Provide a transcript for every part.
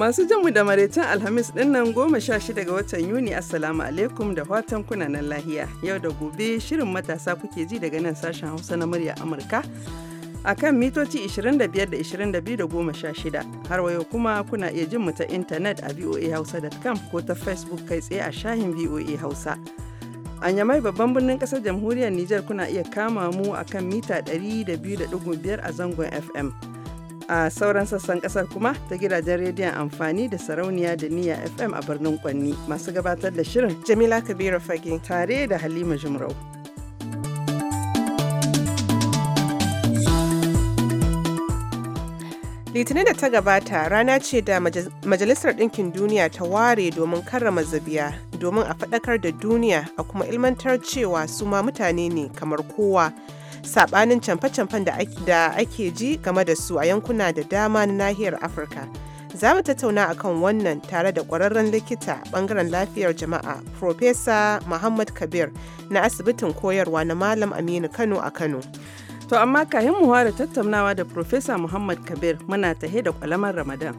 Masu mu da maraicen Alhamis dinnan goma sha shida ga watan Yuni Assalamu alaikum da watan kunanan lahiya. Yau da gobe shirin matasa kuke ji daga nan sashen Hausa na murya Amurka. a kan mitoci 25 22 shida, har wayo kuma kuna iya jin mu ta intanet a voahausa.com ko ta facebook kai tsaye a shahin voa hausa a yamai babban birnin kasar jamhuriyar niger kuna iya kama mu a kan mita 200.5 a zangon fm a sauran sassan kasar kuma ta gidajen rediyon amfani da sarauniya da niyya FM a birnin Kwanni masu gabatar da shirin Jamila Kabiru Fage tare da Halima jimrau litinin da ta gabata rana ce da majalisar ɗinkin duniya ta ware domin karrama zabiya domin a faɗakar da duniya a kuma ilmantar cewa su ma mutane ne kamar kowa sabanin camfe-camfen da ake ji game da su a yankuna da dama na nahiyar afirka za mu tattauna akan wannan tare da kwararren likita bangaren lafiyar jama'a Profesa Muhammad Kabir na asibitin koyarwa na Malam Aminu Kano a Kano. To amma kayan mu da tattaunawa da Profesa Muhammad Kabir muna tahe da kwalamar Ramadan.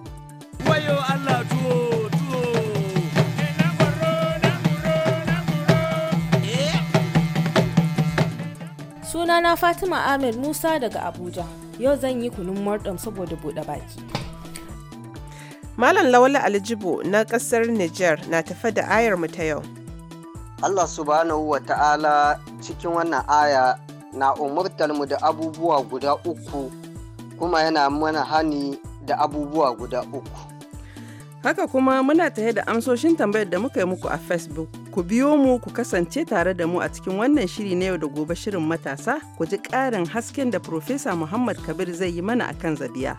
Suna na fatima ahmed musa daga abuja yau zan yi kunun mordom saboda buɗe baki malam lawala aljibo na ƙasar niger na tafe da ayar mu ta yau allah subhanahu wa ta'ala cikin wannan aya na umurtar mu da abubuwa guda uku kuma yana mana hani da abubuwa guda uku haka kuma muna tahe da amsoshin tambayar da muka yi muku a facebook Ku biyo mu ku kasance tare da mu a cikin wannan shiri na yau da gobe shirin matasa ku ji ƙarin hasken da Profesa Muhammad Kabir zai yi mana akan zabiya.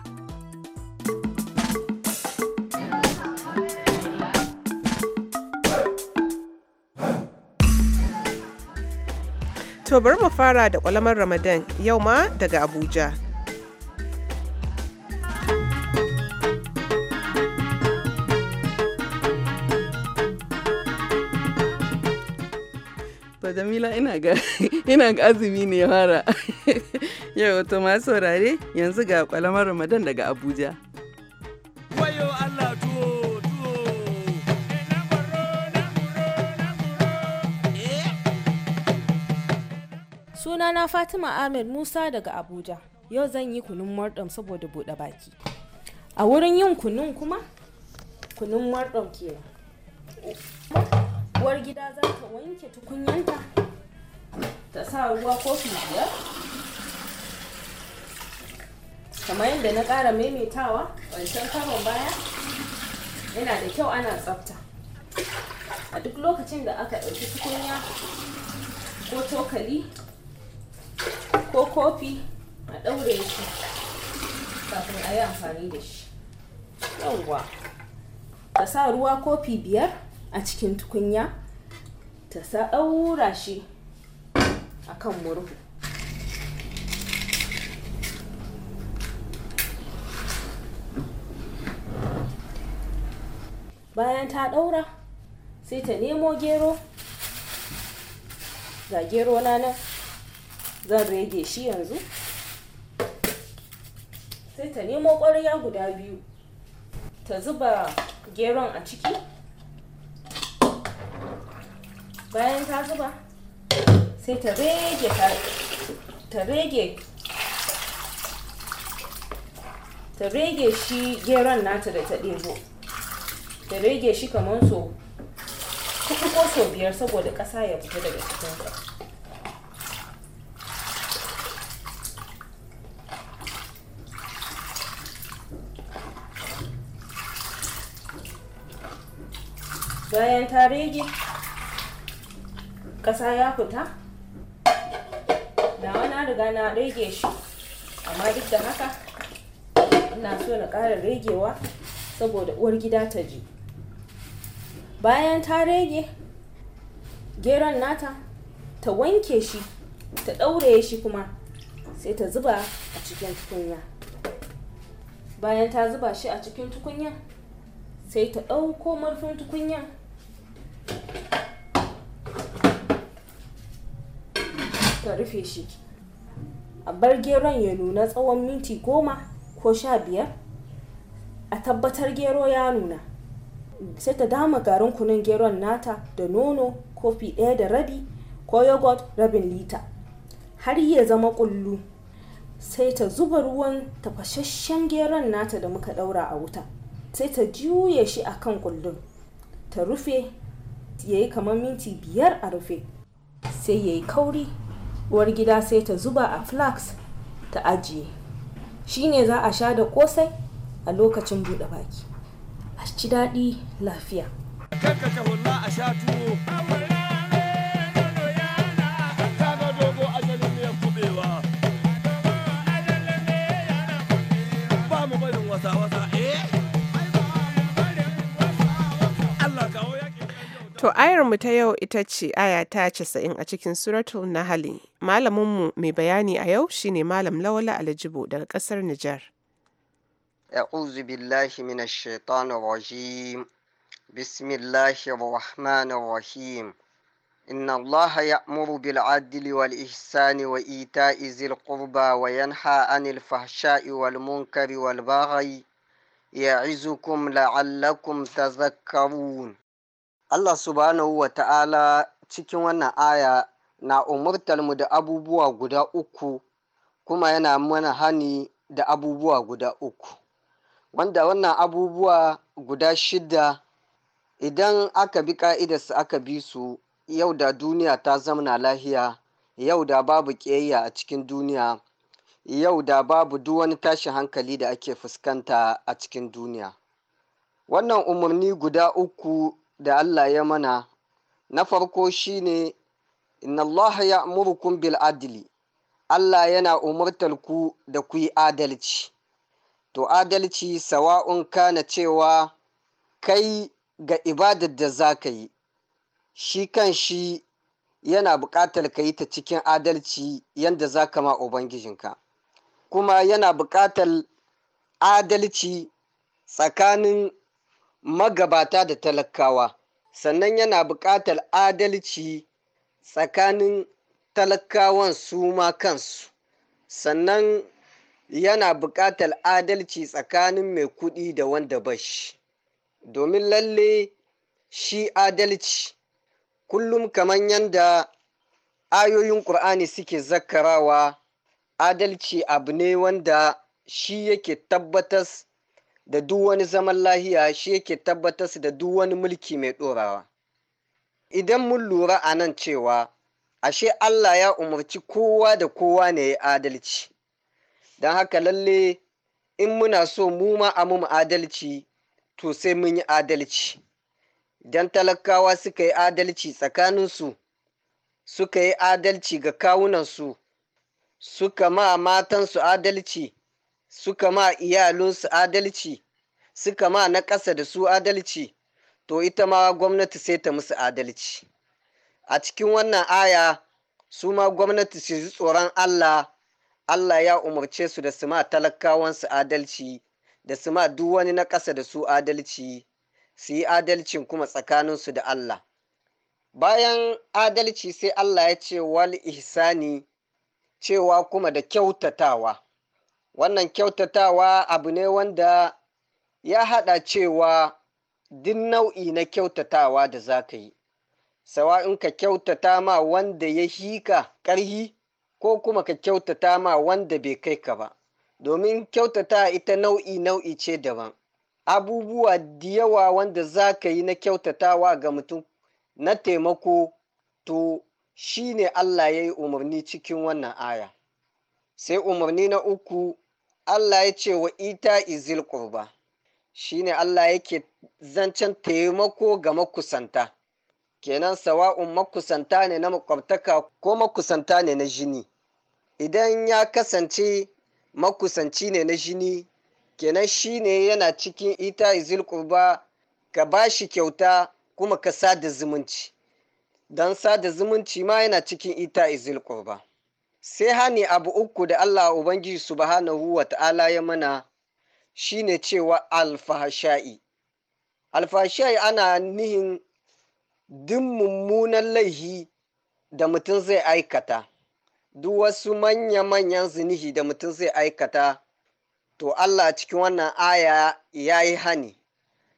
To bari mu fara da kwalamar Ramadan yau ma daga Abuja. Jamila ina ga azumi ne mara Yau to ma saurare yanzu ga kwalamar Ramadan daga Abuja. Sunana Fatima Ahmed Musa daga Abuja. Yau zan yi kunun mordom saboda buɗe baki. A wurin yin kunun kuma? Kunun mordom kenan. uwar gida za ta wanke tukunyanta ta sa ruwa kofi biyar kamar yadda na ƙara maimaitawa wancan karon baya yana da kyau ana tsafta a duk lokacin da aka ɗauki tukunya ko cokali ko kofi a ɗaure shi kafin a yi amfani da shi yawwa ka sa ruwa kofi biyar a cikin tukunya ta ɗaura shi a kan murhu bayan ta ɗaura sai ta nemo gero ga gero na nan zan rage shi yanzu sai ta nemo ƙwarya guda biyu ta zuba geron a ciki bayan ta zuba sai ta rege ta rege ta rege shi geron nata da ta ɗebo ta rege shi kamar so kuku ko so biyar saboda ƙasa ya fita daga cikin ka bayan ta rege kasa ya fita nawa na riga na rage shi amma duk da haka ina so na ƙara ragewa saboda uwar gida ta ji bayan ta rage geron nata ta wanke shi ta ɗaure shi kuma sai ta zuba a cikin tukunya bayan ta zuba shi a cikin tukunya sai ta ɗauko murfin tukunya ka rufe shi a bar geron ya nuna tsawon minti goma ko sha biyar a tabbatar gero ya nuna sai ta dama garin kunun geron nata da nono kofi ɗaya da rabi ko yogurt rabin lita har ya zama kullu sai ta zuba ruwan tafasasshen geron nata da muka ɗaura a wuta sai ta juya shi a kan kullun ta rufe ya yi kamar minti biyar a rufe sai ya yi kauri uwar gida sai ta zuba a flax ta ajiye shi ne za a sha da kosai a lokacin buɗe baki a ci daɗi lafiya To, mu ta yau ita ce aya ta casa'in a cikin suratu na hali. Malaminmu mai bayani a yau shine ne malam lawala alijibu daga kasar Nijar. Ya'uzu mina shaitanu rahim, bismillahi rahmanu rahim, inna Allah ya muru wal ihsani wa ita izil kurba wa yan ha'an ilfashai wal munkari wal bahai, ya Allah subhanahu wa ta'ala cikin wannan aya na umurtar mu da abubuwa guda uku kuma yana mana hani da abubuwa guda uku wanda wannan abubuwa guda shida idan aka bi ka'idarsu aka bi su yau da duniya ta zamana lahiya yau da babu ƙiyayya a cikin duniya yau da babu duk wani tashin hankali da ake fuskanta a cikin duniya wannan umarni guda uku da Allah ya mana na farko shine inna Allah ya'murukum bil adli Allah yana umurtar ku da ku yi adalci to adalci sawa'un kana cewa kai ga ibadar da za ka yi shi kan shi yana buƙatar ka yi ta cikin adalci yadda za ka ma ubangijinka kuma yana buƙatar adalci tsakanin magabata da talakawa sannan yana buƙatar adalci tsakanin talakawan su ma kansu sannan yana buƙatar adalci tsakanin mai kuɗi da wanda ba shi domin lalle shi adalci kullum kamar yadda ayoyin ƙur'ani suke zakarawa adalci abu ne wanda shi yake tabbatar. da duk wani zaman lahiya shi yake tabbatar da duk wani mulki mai ɗorawa. Idan mun lura a nan cewa, ashe Allah ya umarci kowa da kowa ne ya adalci, don haka lalle in muna so mu ma a mu adalci, to sai mun yi adalci. Idan talakawa suka yi adalci tsakaninsu, suka yi adalci ga kawunansu, suka ma matansu adalci. suka ma iyalinsu adalci suka ma na ƙasa da su adalci to ita ma gwamnati sai ta musu adalci a cikin wannan aya su ma gwamnati su ji tsoron Allah Allah ya umarce su da su ma talakawansu adalci da su ma duk wani na ƙasa da su adalci su yi adalcin kuma tsakaninsu da Allah bayan adalci sai Allah ya ce wal ihsani cewa kuma da kyautatawa wannan kyautatawa abu ne wanda ya haɗa cewa duk nau'i na kyautatawa da za ka yi sawa'in ka kyautata ma wanda ya hika ƙarhi ko kuma ka kyautata ma wanda bai kai ka ba domin kyautata ita nau'i nau'i ce daban abubuwa da yawa wanda za ka yi na kyautatawa ga mutum na taimako to shi ne Allah ya yi umarni cikin wannan aya sai umarni na uku Allah ya ce wa ita izil ƙurba shine Allah yake zancen taimako ga makusanta kenan sawa'un makusanta ne na makwabtaka ko makusanta ne na jini idan ya kasance makusanci ne na jini kenan shi ne yana cikin ita izil ƙurba ka ba shi kyauta kuma ka sada zumunci don sada zumunci ma yana cikin ita izil ƙurba sai hani abu uku da Allah Ubangiji subhanahu wa ta'ala ya mana shine cewa alfahasha'i. Alfahasha'i ana nihin din mummunan laihi da mutum zai aikata, duk wasu manya-manyan zinihi da mutum zai aikata, to Allah cikin wannan aya ya yi hani,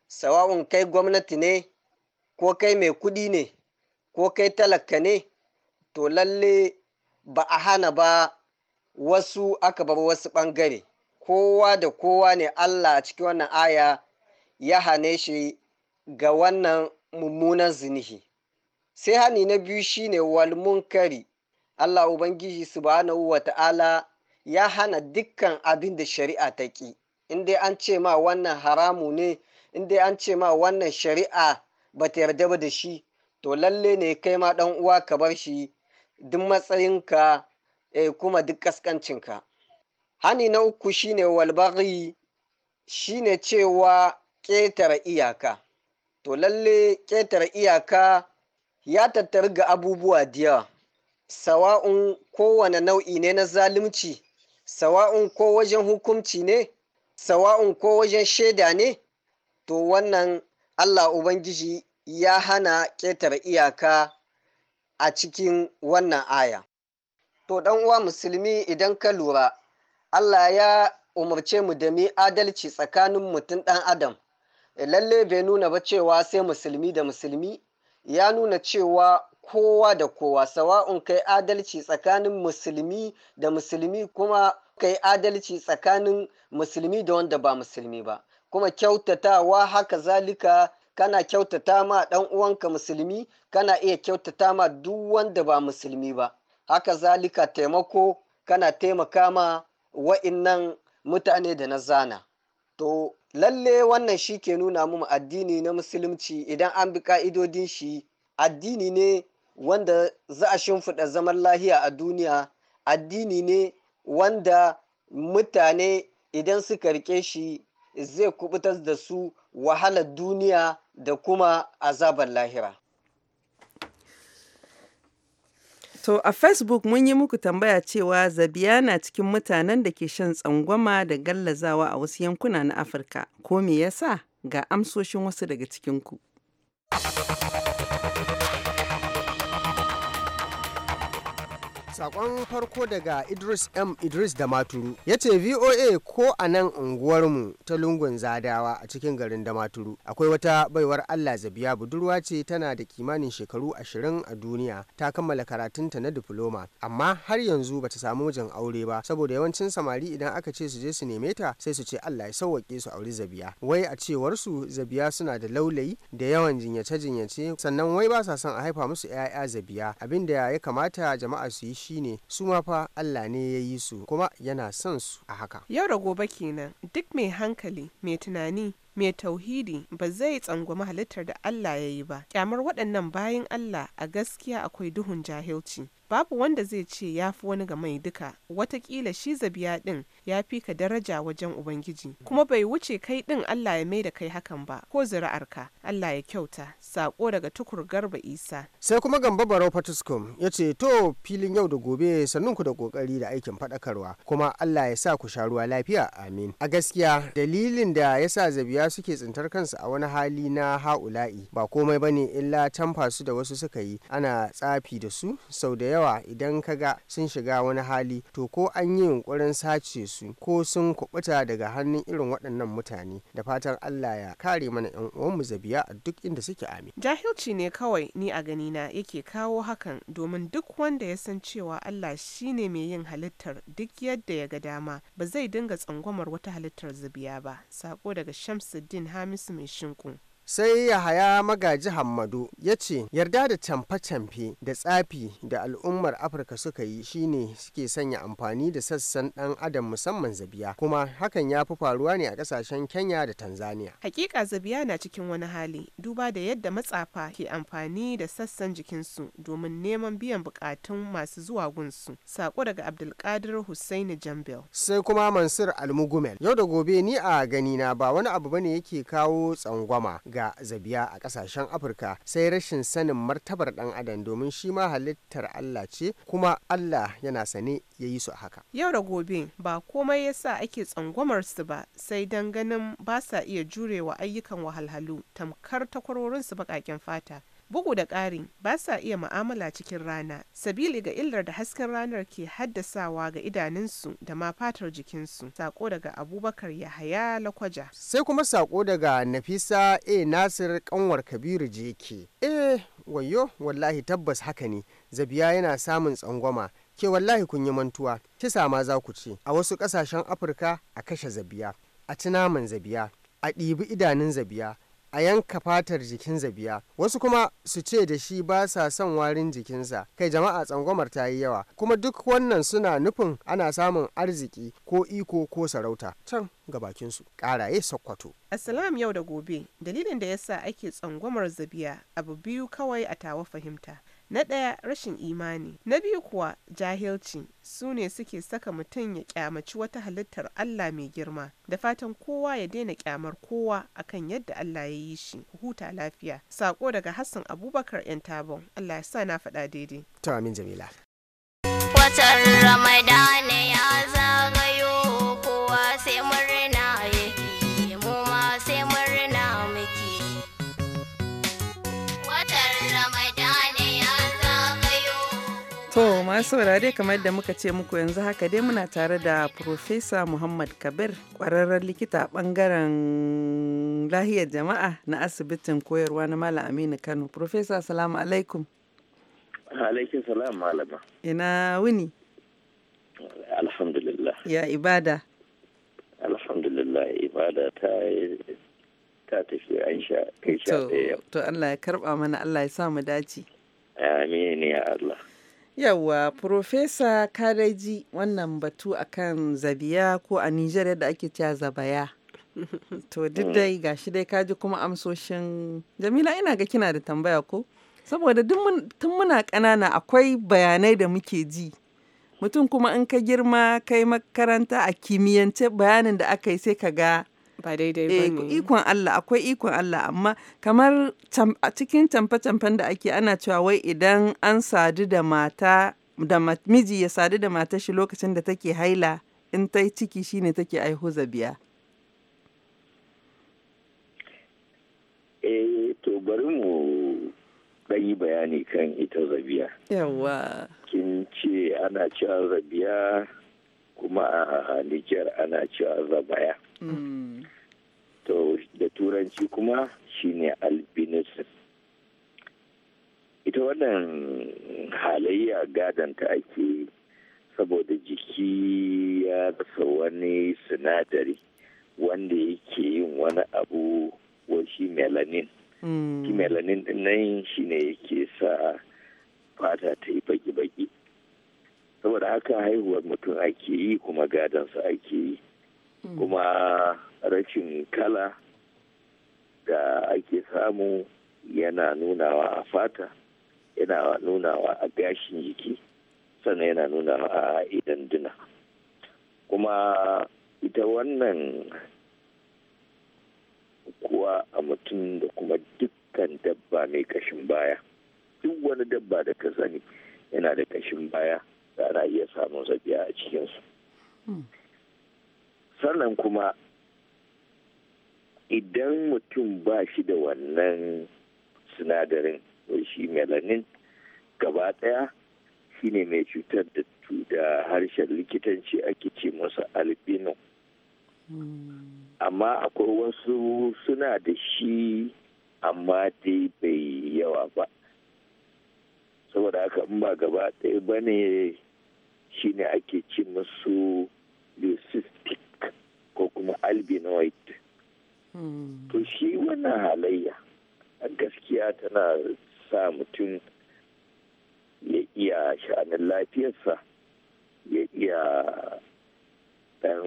sawa'un kai gwamnati ne, ko kai mai kuɗi ne, ko kai talaka ne, to lalle ba a hana ba wasu aka bar wasu ɓangare kowa da kowa ne Allah a cikin wannan aya ya hane shi ga wannan mummunan zinihi sai hani na biyu shine walmun kari Allah ubangiji subhanahu ta'ala ya hana dukkan abin da shari'a ta ƙi in dai an ce ma wannan haramu ne in dai an ce ma wannan shari'a ba ta yarda ba da shi to lalle ne kai ma ɗan uwa ka bar shi duk matsayinka e kuma duk kaskancinka hani na uku shine walbari shine cewa ƙetare iyaka to lalle ƙetare iyaka ya tattari ga abubuwa diya sawa'un kowane nau'i ne na zalunci sawa'un ko wajen hukumci ne sawa'un ko wajen shaida ne to wannan allah ubangiji ya hana ƙetare iyaka a cikin wannan aya. To ɗan uwa musulmi idan ka lura, Allah ya umarce mu da mi adalci tsakanin mutum ɗan Adam. Eh, lalle bai nuna ba cewa sai musulmi da musulmi, ya nuna cewa kowa da kowa sawa'un kai adalci tsakanin musulmi da musulmi kuma kai adalci tsakanin musulmi da wanda ba musulmi ba. Kuma kyautatawa haka zalika kana kyautata ma ɗan uwanka musulmi kana iya kyautata ma duk wanda ba musulmi ba haka zalika taimako kana taimaka ma wa'innan mutane da na zana to lalle wannan shi ke nuna mu addini na musulunci idan an bi ka'idodin shi addini ne wanda za a shimfiɗa zaman lahiya a duniya addini ne wanda mutane idan suka rike shi zai kubutar da su wahalar duniya da kuma azabar lahira To a Facebook mun yi muku tambaya cewa zabiya na cikin mutanen da ke shan tsangwama da gallazawa a wasu yankuna na Afirka. Ko me yasa? Ga amsoshin wasu daga cikinku. Sakon farko daga Idris M. Idris da Maturu ya ce VOA ko a nan unguwarmu ta lungun Zadawa a cikin garin da Maturu. Akwai wata baiwar Allah Zabiya budurwa ce tana da kimanin shekaru ashirin a duniya ta kammala karatunta na difloma amma har yanzu bata samu wajen aure ba saboda yawancin samari idan aka ce su je su neme ta sai su ce Allah ya sauwaƙe su auri Zabiya. Wai a cewar su Zabiya suna da laulayi da yawan jinyace-jinyace sannan wai ba sa son a haifa musu 'ya'ya Zabiya abinda ya kamata jama'a su yi shine su ma fa Allah ne ya yi su kuma yana son su a haka yau da gobe kenan duk mai hankali mai tunani mai tauhidi ba zai tsangwami halittar da Allah ya yi ba kyamar waɗannan bayan Allah a gaskiya akwai duhun jahilci babu wanda zai ce ya fi wani ga mai duka watakila shi zabiya ɗin ya fi ka daraja wajen Ubangiji, kuma bai wuce kai ɗin Allah ya mai da kai hakan ba, ko zuri'arka, Allah ya kyauta, saƙo daga tukur garba Isa. Sai kuma gamba barau Fatuskum ya ce to filin yau da gobe ku da ƙoƙari da aikin faɗakarwa, kuma Allah ya sa ku sha ruwa lafiya amin. A gaskiya dalilin da ya sa zabiya suke tsintar kansu a wani hali na ha'ula'i ba komai bane illa tamfa su da wasu suka yi ana tsafi da su sau da yawa idan ka sun shiga wani hali to ko an yi yunkurin sace su su ko sun kubuta daga hannun irin waɗannan mutane da fatan Allah ya kare mana yan uwanmu zabiya a duk inda suke ami. Jahilci ne kawai ni a ganina yake kawo hakan domin duk wanda ya san cewa Allah shine mai yin halittar duk yadda ya ga dama ba zai dinga tsangwamar wata halittar zabiya ba. Sako daga Shamsuddin Hamisu mai shinku. sai yahaya magaji hammadu ya ce yarda da camfe-camfe da tsafi da al'ummar afirka suka yi shine suke sanya amfani da sassan dan adam musamman zabiya kuma hakan ya fi faruwa ne a kasashen kenya da tanzania hakika zabiya na cikin wani hali duba da yadda matsafa ke amfani da sassan jikinsu domin neman biyan bukatun masu zuwa gunsu sako daga abdulkadir husaini jambel sai kuma mansur almugumel yau da gobe ni a gani na ba wani abu bane yake kawo tsangwama ga zabiya a kasashen afirka sai rashin sanin martabar dan adam domin shi ma halittar allah ce kuma allah yana sane ya yi su a haka yau da gobe ba komai ya sa ake tsangwamar su ba sai dan ganin ba sa iya jurewa ayyukan wahalhalu tamkar takwarorinsu baƙaƙen fata Bugu da ƙari, ba sa iya ma'amala cikin rana, sabili ga illar da hasken ranar ke haddasawa ga idanunsu da ma fatar jikinsu. Sako daga Abubakar Yahaya Lakwaja. Sai kuma sako daga Nafisa e Nasir Kanwar Kabiru Jeke. Eh, wayo, wallahi tabbas haka ne, zabiya yana samun tsangwama. Ke wallahi kun yi mantuwa, kisa ma za ku ce, a wasu ƙasashen Afirka a kashe zabiya, a ci zabiya, a ɗibi idanun zabiya, a yanka fatar jikin zabiya wasu kuma su ce da shi ba sa son warin jikinsa kai jama'a tsangwamar ta yi yawa kuma duk wannan suna nufin ana samun arziki ko iko ko sarauta can ga bakinsu karaye sokoto assalam yau da gobe dalilin da yasa ake tsangwamar zabiya abu biyu kawai a tawa fahimta Na ɗaya, rashin imani, na biyu kuwa jahilci, su ne suke saka mutum ya kyamaci wata halittar Allah mai girma, da fatan kowa ya daina kyamar kowa akan yadda Allah ya yi shi, huta lafiya. Sako daga Hassan Abubakar 'yan tabon, Allah ya sa na faɗa daidai. Jamila. Watan masu saurare kamar da muka ce muku yanzu haka dai muna tare da Profesa Muhammad Kabir kwararren likita a ɓangaren lahiyar jama'a na asibitin koyarwa na Malam Aminu Kano. Profesa salamu alaikum. Alaikin salam malama. Ina wuni. Alhamdulillah. Ya ibada. Alhamdulillah ibada ta ta tafi an sha kai sha To Allah ya karba mana Allah ya sa mu dace. Amin ya Allah. Yawwa, Profesa kareji wannan batu akan zabiya ko a Nijar yadda ake cewa zabaya. to duk mm. dai gashi dai kaji kuma amsoshin Jamila ina ga kina da tambaya ko? Saboda tun muna ƙanana akwai bayanai da muke ji. Mutum kuma in ka girma kai makaranta a kimiyyance bayanin da aka yi sai ka ga ba daidai ba eh, ne ikon Allah akwai ikon Allah amma kamar a cikin tamfa tamfan da ake ana cewa wai idan an sadu da mata da miji ya sadu da mata shi lokacin da take haila in ta yi ciki shine take aihu zabiya eh to bari mu ɗayi bayani kan ita zabiya yawa kin ce ana cewa zabiya kuma a Nijar ana cewa zabaya. Mm. turanci kuma shine albinism ita wannan halayya gadon ta ake saboda jiki ya rasa wani sinadari wanda yake yin wani abu shi melanin hmm. shi melanin nan shine yake sa fata ta yi baki-baki saboda haka haihuwar mutum ake yi kuma gadansa ake yi hmm. kuma rashin kala da ake samu yana nunawa a fata yana nunawa a gashin jiki sannan yana nunawa a idan duna kuma ita wannan kuwa a mutum da kuma dukkan dabba mai kashin baya duk wani dabba da ka sani yana da kashin baya da ana iya samun zabiya a cikinsu hmm. sannan kuma idan mutum ba shi da wannan sinadarin shi melanin gaba ɗaya shine mai cutar da da harshen likitanci ake ce masa albino amma akwai wasu suna da shi amma dai bai yawa ba saboda haka in ba gaba ɗaya ba ne shine ake ce masu leucistic ko kuma albinoid to shi wannan halayya a gaskiya tana sa mutum ya iya sha'anin lafiyarsa ya iya ɗan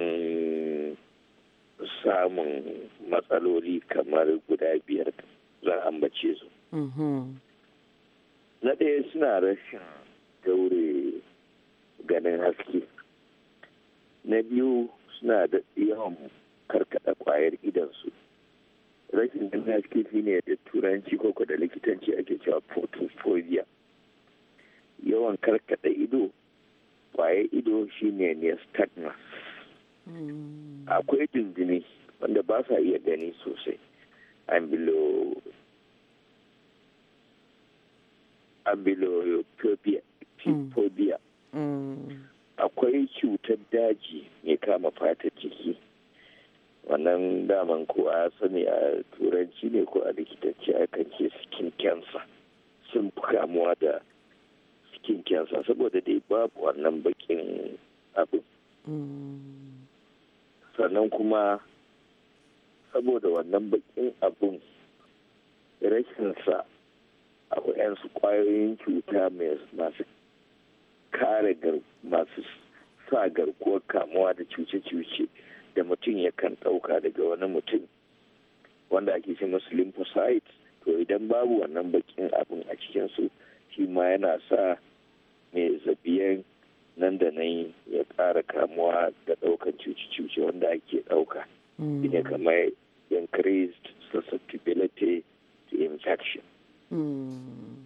samun matsaloli kamar guda biyar zan ambace su. Mm-hmm. Na ɗaya suna rashin daure ganin haske. Na biyu suna da yawan karkada kwayar idansu. rashin ganin haske shi ne da turanci koko da likitanci ake cewa photophobia yawan karkada ido kwaye ido shine nystagmus hmm. akwai dindini wanda ba sa iya gani sosai ambulophobia hmm. hmm. akwai cutar daji mai kama fatar jiki wannan daman ko a sani a turanci ne ko a likitance akan ce skin cancer sun fi kamuwa da skin cancer saboda dai babu wannan bakin abu sannan kuma saboda wannan bakin abun rashinsa abu su kwayoyin cuta masu kare masu sa garkuwar kamuwa da cuce-cuce da mutum yakan ɗauka daga wani mutum wanda ake ce masu lymphocytes to idan babu wannan bakin abin a cikinsu shi ma yana sa mai zabiyan nan da nan ya ƙara kamuwa da ɗaukan cuce-cuce wanda ake ɗauka hmm. ne kamar increased susceptibility to infection hmm.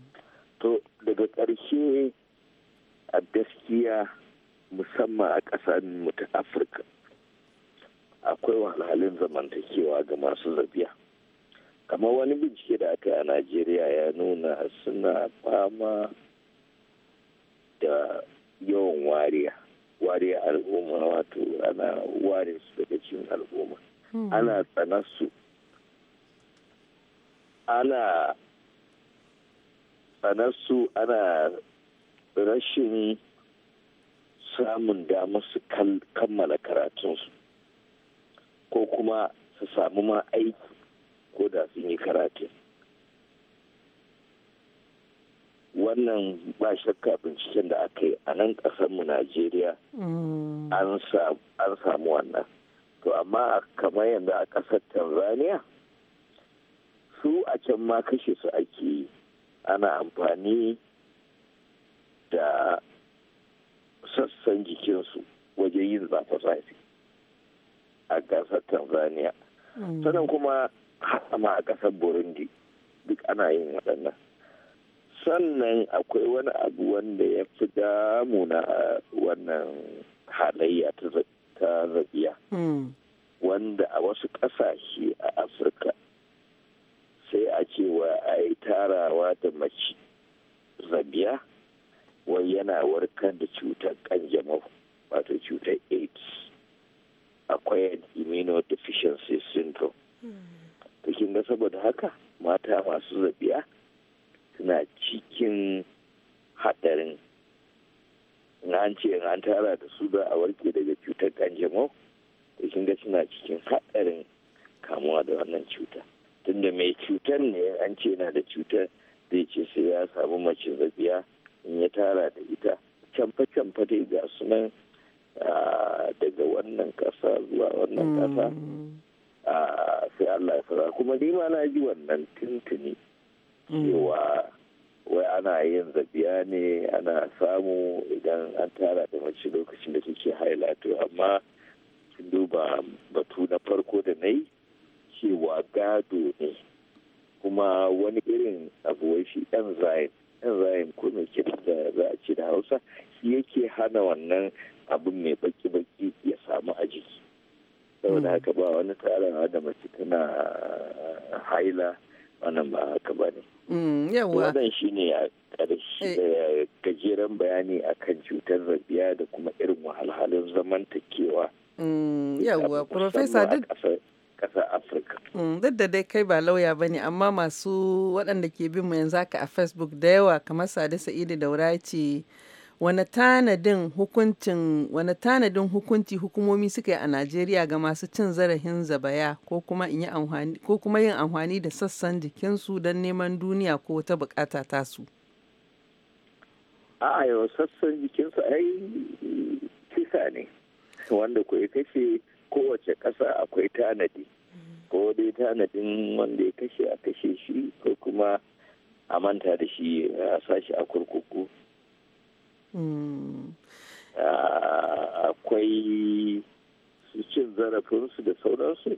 to daga ƙarshe a gaskiya musamman a ƙasar mu ta afirka akwai wahalhalun zamantakewa ga masu zabiya kamar wani bincike da aka yi a najeriya ya nuna suna fama da yawan wariya wariya al'umma wato ana ware su daga cikin al'umma hmm. ana tsana su ana tsana su ana rashin samun damar su kammala karatunsu ko kuma su samu ma aiki ko da sun yi karatun wannan ba shakka binciken da aka yi a nan ƙasarmu najeriya mm. an samu wannan to amma kamar yadda a ƙasar tanzania su a can ma kashe su ake yi ana amfani da sassan jikinsu wajen yin zafi a gasar tanzania mm. sannan kuma ma a kasar burundi duk ana yin waɗannan sannan akwai wani abu wanda ya fi damuna a wannan halayya ta zabiya mm. wanda a wasu ƙasashe yin zabiya ne ana samu idan an tara da mace lokacin da take haila to amma sun duba batu na farko da na yi cewa gado ne kuma wani irin abu wai shi enzyme enzyme ko mai kira da za a ce da hausa shi yake hana wannan abin mai baki-baki ya samu a jiki saboda hmm. haka ba wani tarawa da mace tana haila wannan ba haka ba ne. Mm, wannan shi ne a ƙarshe eh. Eh, gajeren bayani akan cutar rabiya da kuma irin wahalhalun zamantakewa. Mm, yawwa, Profesa duk ƙasar Afirka. Mm, duk da dai kai ba lauya ba ne, amma masu waɗanda ke bin mu yanzu haka a Facebook da yawa kamar sadi Sa'idu da wuraci Wane tanadin hukunci hukumomi suka yi a Najeriya ga masu cin zarafin zabaya ko kuma yin amfani da sassan jikinsu don neman duniya ko wata bukata tasu? A'a yau sassan jikinsu ai kisa ne wanda ku ita ce kowace ƙasa akwai tanadi ko dai tanadin wanda ya kashe a kashe shi ko kuma a manta da shi a sashi a kurkuku Hmm. akwai su cin zarafinsu da sauransu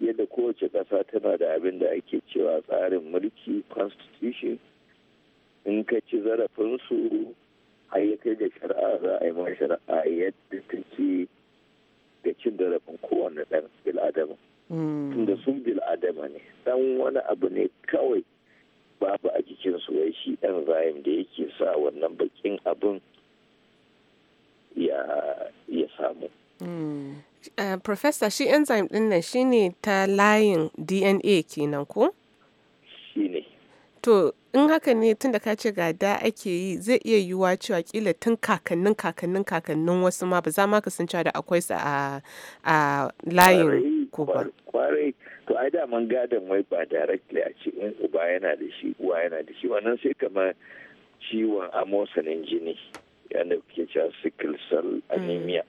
yadda kowace ƙasa tana da abin da ake cewa tsarin mulki constitution in ka ci zarafinsu a yi kai da shari'a za a yi ma shari'a yadda take da cin zarafin kowane ɗan bil'adama hmm. tunda sun bil'adama ne dan wani abu ne kawai babu a jikin su wai shi enzyme da yake sa wannan bakin abin ya samu. Hmm. Eh, Professor shi enzyme ɗin nan ne ta layin DNA kenan ko? ne. To in haka ne tun da ka ce ga da ake yi zai iya yiwuwa cewa kila tun kakannin kakannin kakannin wasu ma ba za ma ka cewa da akwai sa a, layin ko ba. to ai man gadon wai ba directly a ce in uba yana da shi uwa yana da shi wannan sai kamar ciwon amosanin jini yana ke cewa sickle cell anemia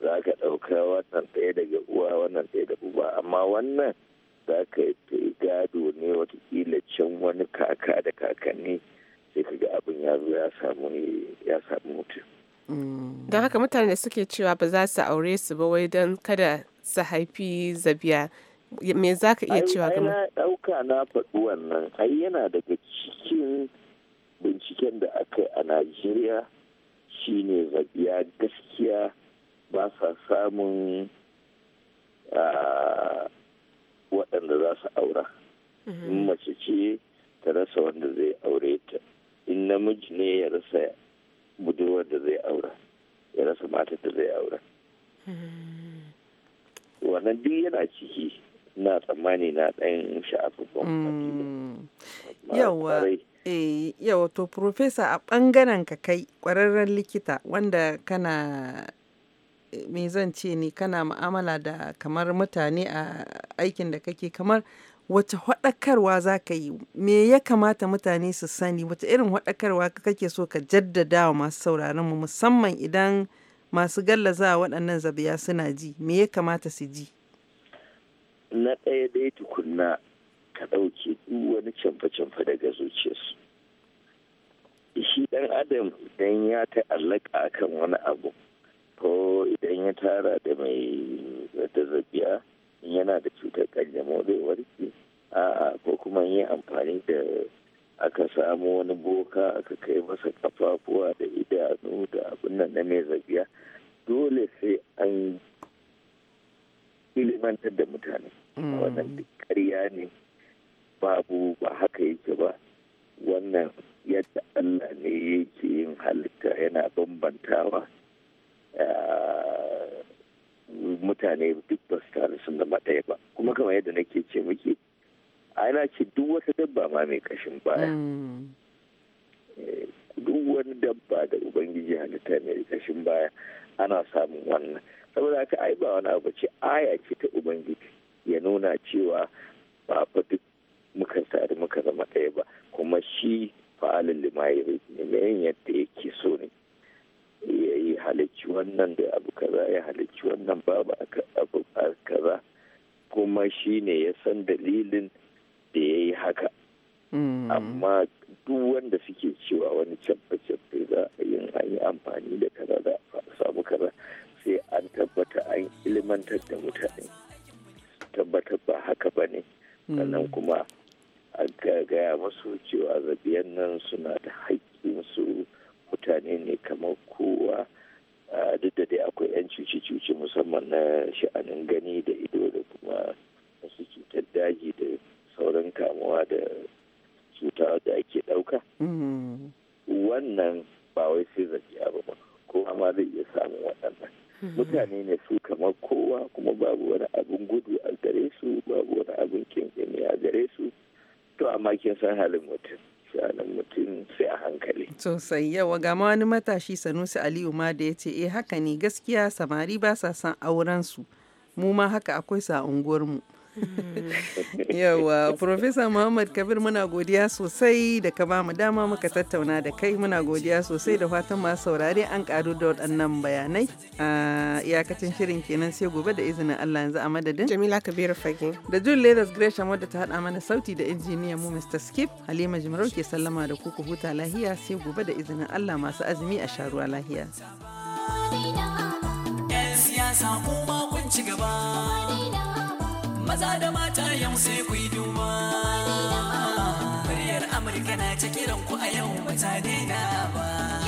za ka ɗauka wannan ɗaya daga uwa wannan ɗaya da uba amma wannan za ka yi gado ne watakila can wani kaka da kakanni sai ka ga abin ya zo ya samu mutum mm. don haka mutane suke cewa ba za su aure su ba wai don kada su haifi zabiya me za ka iya cewa ai na ɗauka na faɗi wannan ai yana daga cikin binciken da aka yi a najeriya shi ne zabiya gaskiya ba sa samun waɗanda za su aura mhm. mace ce ta rasa wanda zai aure ta in namiji ne ya rasa budurwar da zai aura ya rasa mata da zai aura mhm. wannan duk yana ciki na tsammani na ɗan sha'afafan yawa yawa to profesa a ɓangaren ka kai ƙwararren likita wanda kana eh, me zan ce ne kana ma'amala da kamar mutane a aikin da kake kamar wace haɗakarwa za ka yi me ya kamata mutane su sani wata irin haɗakarwa kake so ka jaddada wa masu sauraron mu musamman idan masu gallaza waɗannan zabiya suna ji me ya kamata su ji na ɗaya dai tukunna ka ɗauke duk wani canfa canfa daga zuciyarsu shi ɗan adam idan ya ta'allaka kan wani abu ko idan ya tara da mai zazzabiya yana da cutar kanjamau zai warke a'a ko kuma yi amfani da aka samu wani boka aka kai masa kafafuwa da idanu da abin nan na mai zabiya dole sai an ilimantar da mutane Mm. wannan ƙarya ne babu ba haka yake ba wannan yadda Allah ne yake yin halitta yana bambantawa ah, mutane duk ba su tare sun zama ɗaya ba kuma mm. kamar yadda nake ce muke ana ce duk wata dabba ma mai kashin baya mm. eh, duk wani dabba da ubangiji halitta mai kashin baya ana samun wannan saboda haka ai ba wani abu ce aya ce ta ubangiji ya nuna cewa ba fa duk muka sadu muka zama ɗaya ba kuma shi fa'alin limayi ne yadda yake so ne ya yi halicci wannan da abu kaza ya halicci wannan babu abu kaza kuma shi ne ya san dalilin da ya yi haka mm. amma duk wanda suke cewa wani cabbe-cabbe za a yi amfani da kaza za a samu kaza sai an tabbata an ilimantar da mutane tabbatar ba haka ba ne hmm. sannan kuma a gaya masu cewa zabiyan nan suna da su mutane ne kamar kowa duk da dai akwai 'yan cuci cuce musamman na sha'anin gani da ido da kuma wasu cutar daji da sauran kamuwa da cuta da ake ɗauka hmm. wannan ba wai sai zabiya ba kowa ma zai iya samun waɗannan hmm. mutane ne su kamar kowa kuma babu wani abin gudu a ke san halin mutum shanin mutum sai a hankali sosai yawa ga wani matashi sanusi aliyu ma da ya ce eh haka ne gaskiya samari ba sa son auren su mu ma haka akwai sa unguwar mu Yawa, Profesa Muhammad Kabir muna godiya sosai da ka ba mu dama muka tattauna da kai muna godiya sosai da fatan masu saurare an karu da waɗannan bayanai. A iyakacin shirin kenan sai gobe da izinin Allah yanzu a madadin. Jamila Kabir Fage. Da Jun Leras Gresham wadda ta haɗa mana sauti da injiniyan mu Mr. Skip Halima Jimarau ke sallama da kuku huta lahiya sai gobe da izinin Allah masu azumi a sharuwa lahiya. Yan siyasa kuma kun ci gaba. maza da mata yau sai ku yi duba muryar amurka na ta kiran ku a yau ba ta daina ba